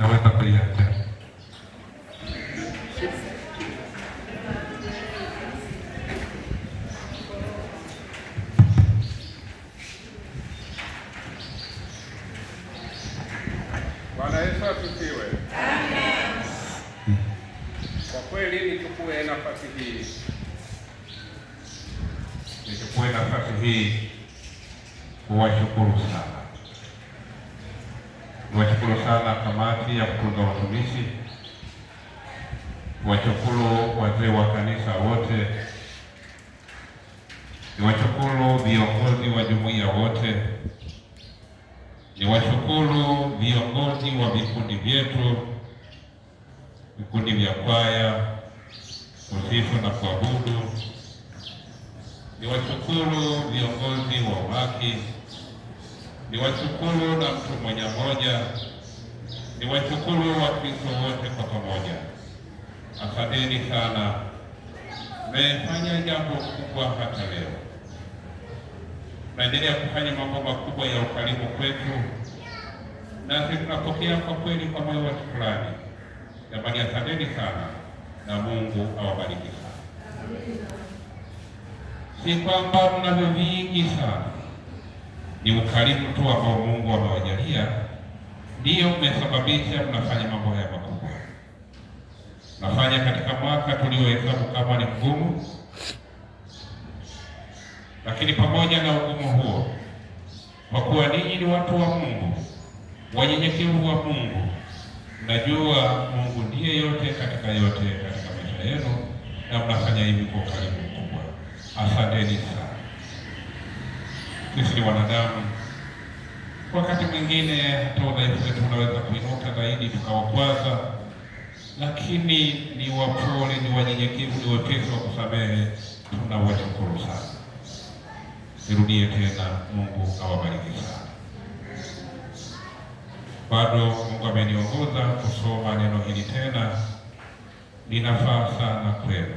naweka bei ya gari. Bwana Yesu asifiwe. Amen. Kwa kweli nichukue nafasi hii, nichukue nafasi hii kuwashukuru sana nashukuru sana kamati ya kutunza watumishi, niwashukuru wazee wa kanisa wote, niwashukuru viongozi wa jumuiya wote, niwashukuru viongozi wa vikundi vyetu, vikundi vya kwaya, kusifu na kuabudu, niwashukuru viongozi wa waki niwashukuru na mtu mmoja mmoja ni washukuru Wakristo wote kwa pamoja, asanteni sana, mmefanya jambo kubwa hata leo. Naendelea kufanya mambo makubwa ya ukarimu kwetu, nasi tunapokea kwa kweli kwa moyo wa shukrani. Jamani, asanteni sana na Mungu awabariki sana. Si kwamba mnavyo vingi sana, ni ukarimu tu ambao Mungu amewajalia ndiyo mmesababisha mnafanya mambo haya makubwa nafanya katika mwaka tuliohesabu kama ni mgumu, lakini pamoja na ugumu huo, kwa kuwa ninyi ni watu wa Mungu, wanyenyekevu wa Mungu, mnajua Mungu ndiye yote katika yote katika maisha yenu, na mnafanya hivi kwa ukarimu mkubwa. Asanteni sana. Sisi ni wanadamu Wakati mwingine hata udhaifu wetu unaweza kuinuka zaidi tukawakwaza, lakini ni wapole, ni wanyenyekevu, ni wepesi wa kusamehe. Tunawashukuru sana. Nirudie tena, Mungu awabariki sana. Bado Mungu ameniongoza kusoma neno hili tena, linafaa sana kwenu,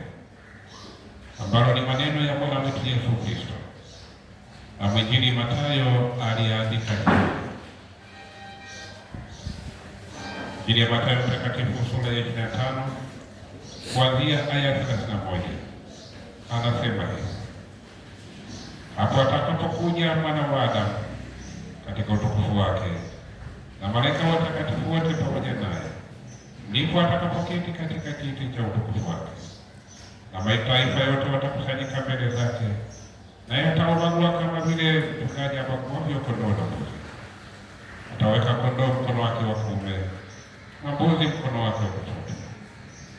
ambalo ni maneno ya Bwana wetu Yesu Kristo na mwinjili Mathayo aliandika Injili ya Mathayo mtakatifu sura ya 25 kuanzia aya moja anasema hivi: hapo atakapokuja mwana wa Adamu katika utukufu wake na malaika watakatifu wote pamoja naye, ndipo atakapoketi katika kiti cha utukufu wake, na mataifa yote watakusanyika mbele zake naye nayetaularua kama vile mfugaji amakuavyo kondoo na mbuzi, ataweka kondoo mkono wake wa kuume na mbuzi mkono wake wa kushoto.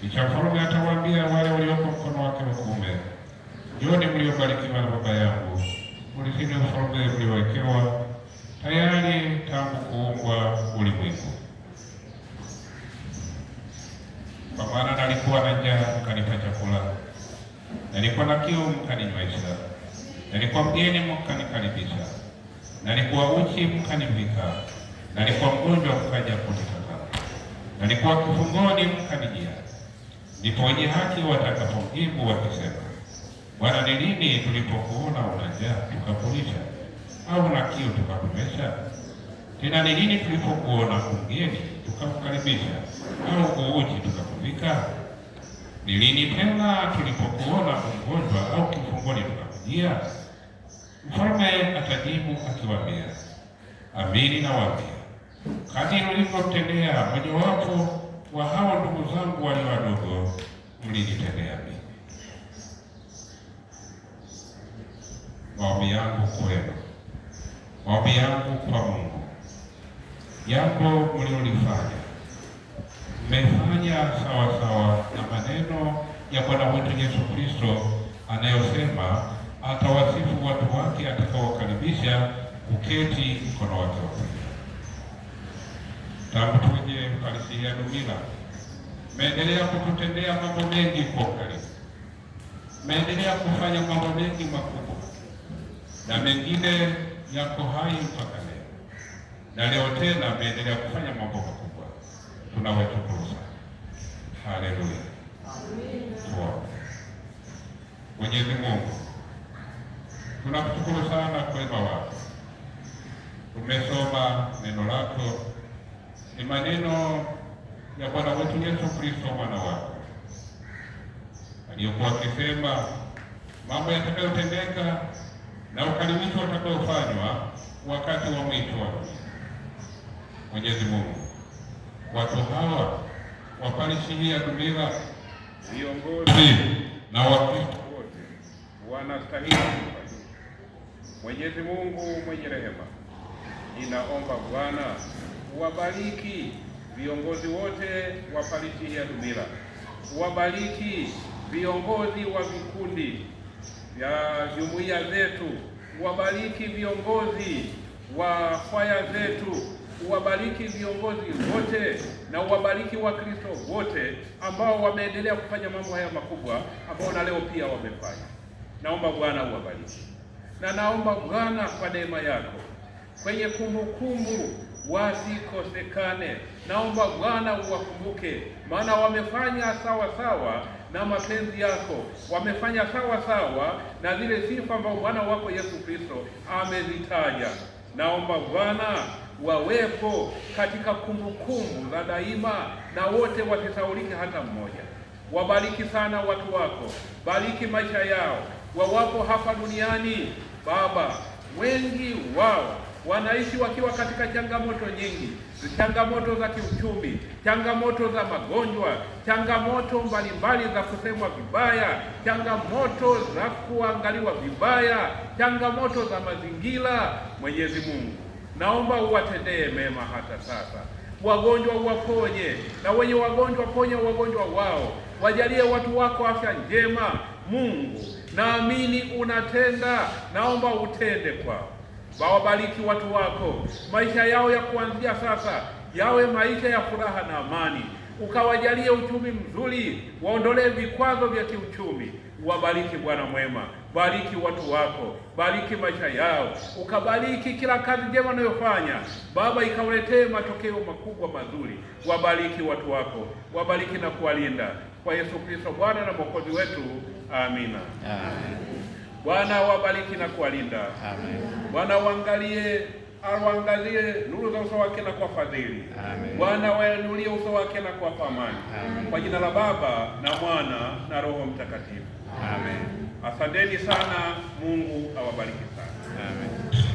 Kisha mfalme atawaambia wale walioko mkono wake wa kuume, Njooni mliobarikiwa na Baba yangu, mlithini ufalme mliowekewa tayari tangu kuumbwa ulimwengu. Kwa maana nalikuwa na njaa, mkanipa chakula, nalikuwa na kiu, mkaninywesha nalikuwa mgeni mkanikaribisha, nalikuwa uchi mkanivika, nalikuwa mgonjwa mkaja kunitazama, nalikuwa kifungoni mkanijia. Ndipo wenye haki watakapomjibu wakisema, Bwana, ni lini tulipokuona una njaa tukakulisha, au na kiu tukakunywesha? Tena ni lini tulipokuona mgeni tukakukaribisha, au kuuchi tukakuvika? Ni lini tena tulipokuona mgonjwa au kifungoni tukakujia? Mfalme akajibu akiwaambia, amini nawaambia, kadiri ulivyomtendea mojawapo wa hawa ndugu zangu walio wadogo, mlinitendea mimi. Maombi yangu kwenu, maombi yangu kwa Mungu, jambo mliolifanya mmefanya sawasawa na maneno ya Bwana wetu Yesu Kristo anayosema atawasifu watu wake atakaowakaribisha kuketi mkono wake wa kulia. Tangu tuje Ekaristi ya Dumila, meendelea kututendea mambo mengi kwa ukarimu, meendelea kufanya mambo mengi makubwa, na mengine yako hai mpaka leo, na leo tena meendelea kufanya mambo makubwa. Tunawashukuru sana. Haleluya. Mwenyezi Mungu Tunakushukuru sana kwa wema wako. Tumesoma neno lako, ni maneno ya Bwana wetu Yesu Kristo mwana wako aliyokuwa akisema mambo yatakayotendeka na ukarimisho utakaofanywa wakati wa mwisho wa Mwenyezi Mungu, watu hawa waparishi hii ya Dumila, viongozi na Wakristo wote wanastahili Mwenyezi Mungu mwenye rehema, ninaomba Bwana uwabariki viongozi wote wa Parokia ya Dumila, uwabariki viongozi wa vikundi vya jumuiya zetu, uwabariki viongozi wa kwaya zetu, uwabariki viongozi wote na uwabariki Wakristo wote ambao wameendelea kufanya mambo haya makubwa ambao na leo pia wamefanya. Naomba Bwana uwabariki na naomba Bwana kwa neema yako kwenye kumbukumbu wasikosekane. Naomba Bwana uwakumbuke, maana wamefanya sawa sawa na mapenzi yako, wamefanya sawa sawa na zile sifa ambazo Bwana wako Yesu Kristo amezitaja. Naomba Bwana wawepo katika kumbukumbu za daima, na wote wasisaulike hata mmoja. Wabariki sana watu wako, bariki maisha yao wawapo hapa duniani Baba, wengi wao wanaishi wakiwa katika changamoto nyingi, changamoto za kiuchumi, changamoto za magonjwa, changamoto mbalimbali za kusemwa vibaya, changamoto za kuangaliwa vibaya, changamoto za mazingira. Mwenyezi Mungu, naomba uwatendee mema hata sasa. Wagonjwa uwaponye, na wenye wagonjwa ponya wagonjwa wao, wajalie watu wako afya njema Mungu naamini unatenda, naomba utende kwao. Wawabariki watu wako, maisha yao ya kuanzia sasa yawe maisha ya furaha na amani ukawajalie uchumi mzuri, waondolee vikwazo vya kiuchumi. Wabariki Bwana mwema, bariki watu wako, bariki maisha yao, ukabariki kila kazi njema wanayofanya Baba, ikawaletee matokeo makubwa mazuri. Wabariki watu wako, wabariki na kuwalinda kwa Yesu Kristo Bwana na Mwokozi wetu, amina. Bwana wabariki na kuwalinda. Bwana uangalie awaangalie nuru za uso wake na fadhili Bwana wayanulie uso wake na kuwapa amani. Kwa jina la Baba na Mwana na Roho Mtakatifu, amen. Asanteni sana, Mungu awabariki sana, amen.